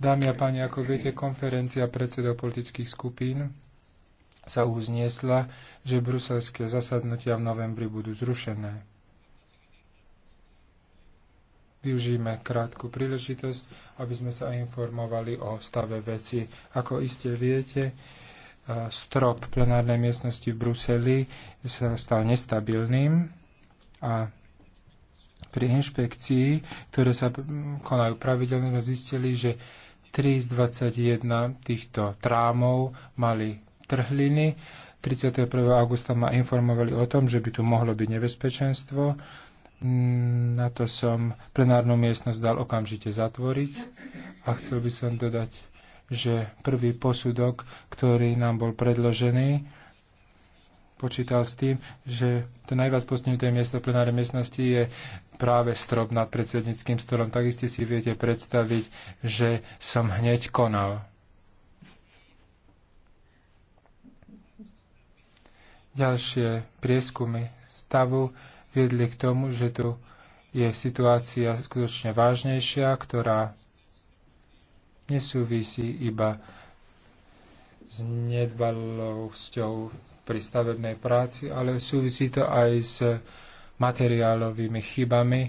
Dámy a páni, ako viete, konferencia predsedov politických skupín sa uzniesla, že bruselské zasadnutia v novembri budú zrušené. Využíme krátku príležitosť, aby sme sa informovali o stave veci. Ako iste viete, e, strop plenárnej miestnosti v Bruseli sa stal nestabilným a pri inšpekcii, ktoré sa konajú pravidelne, zistili, že 3 z 21 týchto trámov mali trhliny. 31. augusta ma informovali o tom, že by tu mohlo byť nebezpečenstvo. Mm, na to som plenárnu miestnosť dal okamžite zatvoriť a chcel by som dodať, že prvý posudok, ktorý nám bol predložený, počítal s tým, že to najviac postihnuté miesto plenárnej miestnosti je práve strop nad predsedníckým stolom, tak iste si viete predstaviť, že som hneď konal. Ďalšie prieskumy stavu viedli k tomu, že tu je situácia skutočne vážnejšia, ktorá nesúvisí iba s nedbalosťou pri stavebnej práci, ale súvisí to aj s materiálovými chybami,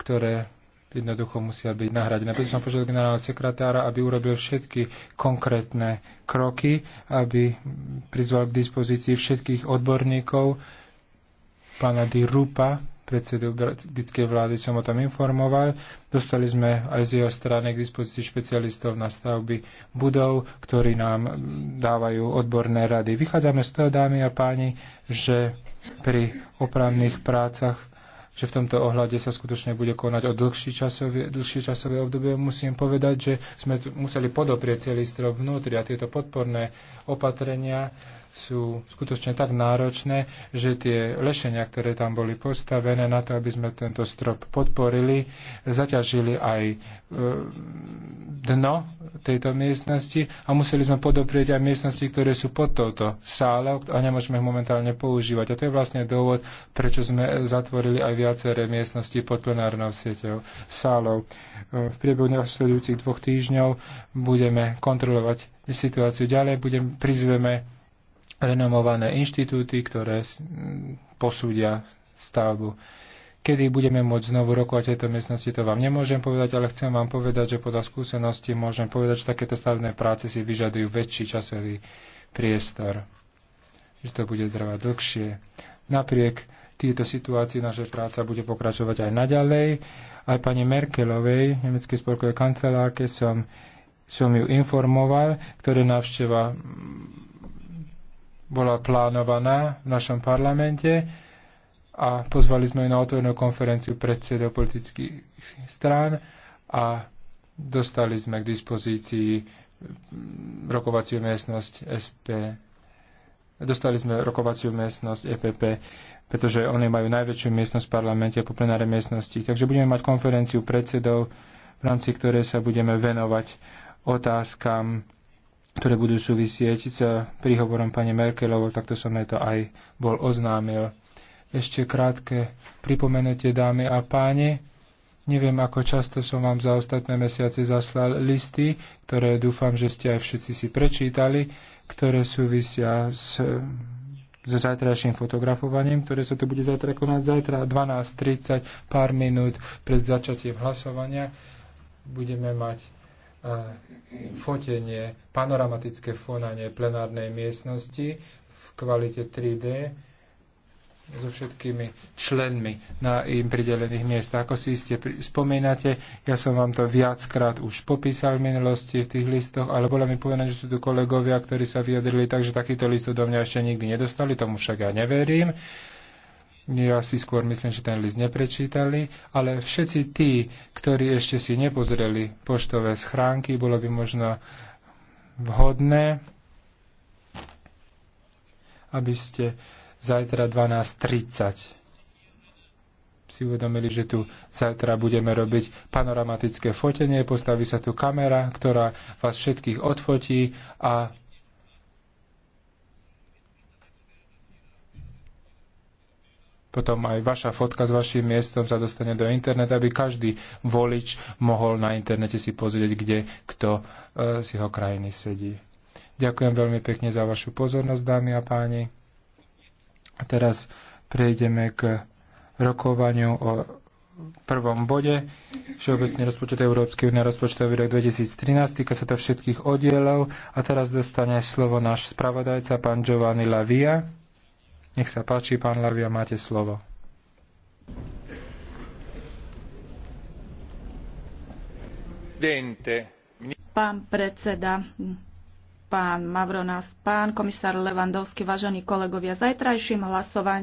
ktoré jednoducho musia byť nahradené. Preto som požiadal generálneho sekretára, aby urobil všetky konkrétne kroky, aby prizval k dispozícii všetkých odborníkov. Pána Di Rupa, predsedu britskej vlády, som o tom informoval. Dostali sme aj z jeho strany k dispozícii špecialistov na stavby budov, ktorí nám dávajú odborné rady. Vychádzame z toho, dámy a páni, že pri opravných prácach že v tomto ohľade sa skutočne bude konať o dlhšie časové, dlhšie časové obdobie. Musím povedať, že sme tu museli podoprieť celý strop vnútri a tieto podporné opatrenia sú skutočne tak náročné, že tie lešenia, ktoré tam boli postavené na to, aby sme tento strop podporili, zaťažili aj e, dno tejto miestnosti a museli sme podoprieť aj miestnosti, ktoré sú pod touto sálou a nemôžeme ich momentálne používať. A to je vlastne dôvod, prečo sme zatvorili aj viaceré miestnosti pod plenárnou sieťou sálov. V priebehu nasledujúcich dvoch týždňov budeme kontrolovať situáciu ďalej, budem, prizveme renomované inštitúty, ktoré posúdia stavbu. Kedy budeme môcť znovu rokovať tejto miestnosti, to vám nemôžem povedať, ale chcem vám povedať, že podľa skúsenosti môžem povedať, že takéto stavebné práce si vyžadujú väčší časový priestor, že to bude trvať dlhšie. Napriek tieto situácii naša práca bude pokračovať aj naďalej. Aj pani Merkelovej, nemeckej spolkovej kancelárke, som, som ju informoval, ktoré návšteva bola plánovaná v našom parlamente a pozvali sme ju na otvorenú konferenciu predsedov politických strán a dostali sme k dispozícii rokovaciu miestnosť SP Dostali sme rokovaciu miestnosť EPP, pretože oni majú najväčšiu miestnosť v parlamente po plenárnej miestnosti. Takže budeme mať konferenciu predsedov, v rámci ktorej sa budeme venovať otázkam, ktoré budú súvisieť s príhovorom pani Merkelovou, takto som jej to aj bol oznámil. Ešte krátke pripomenutie, dámy a páni. Neviem, ako často som vám za ostatné mesiace zaslal listy, ktoré dúfam, že ste aj všetci si prečítali, ktoré súvisia s so zajtrajším fotografovaním, ktoré sa tu bude zajtra konať zajtra 12.30, pár minút pred začatím hlasovania. Budeme mať uh, fotenie, panoramatické fonanie plenárnej miestnosti v kvalite 3D so všetkými členmi na im pridelených miestach. Ako si iste spomínate, ja som vám to viackrát už popísal v minulosti v tých listoch, ale bolo mi povedané, že sú tu kolegovia, ktorí sa vyjadrili, takže takýto list do mňa ešte nikdy nedostali, tomu však ja neverím. Ja si skôr myslím, že ten list neprečítali, ale všetci tí, ktorí ešte si nepozreli poštové schránky, bolo by možno vhodné, aby ste uh, zajtra 12.30 si uvedomili, že tu zajtra budeme robiť panoramatické fotenie, postaví sa tu kamera, ktorá vás všetkých odfotí a potom aj vaša fotka s vašim miestom sa dostane do internetu, aby každý volič mohol na internete si pozrieť, kde kto e, z jeho krajiny sedí. Ďakujem veľmi pekne za vašu pozornosť, dámy a páni. A teraz prejdeme k rokovaniu o prvom bode. Všeobecný rozpočet Európskej únie rozpočtový rok 2013. Týka sa to všetkých oddielov. A teraz dostane slovo náš spravodajca, pán Giovanni Lavia. Nech sa páči, pán Lavia, máte slovo. Pán predseda, pán Mavronas, pán komisár Levandovský, vážení kolegovia, zajtrajším hlasovaním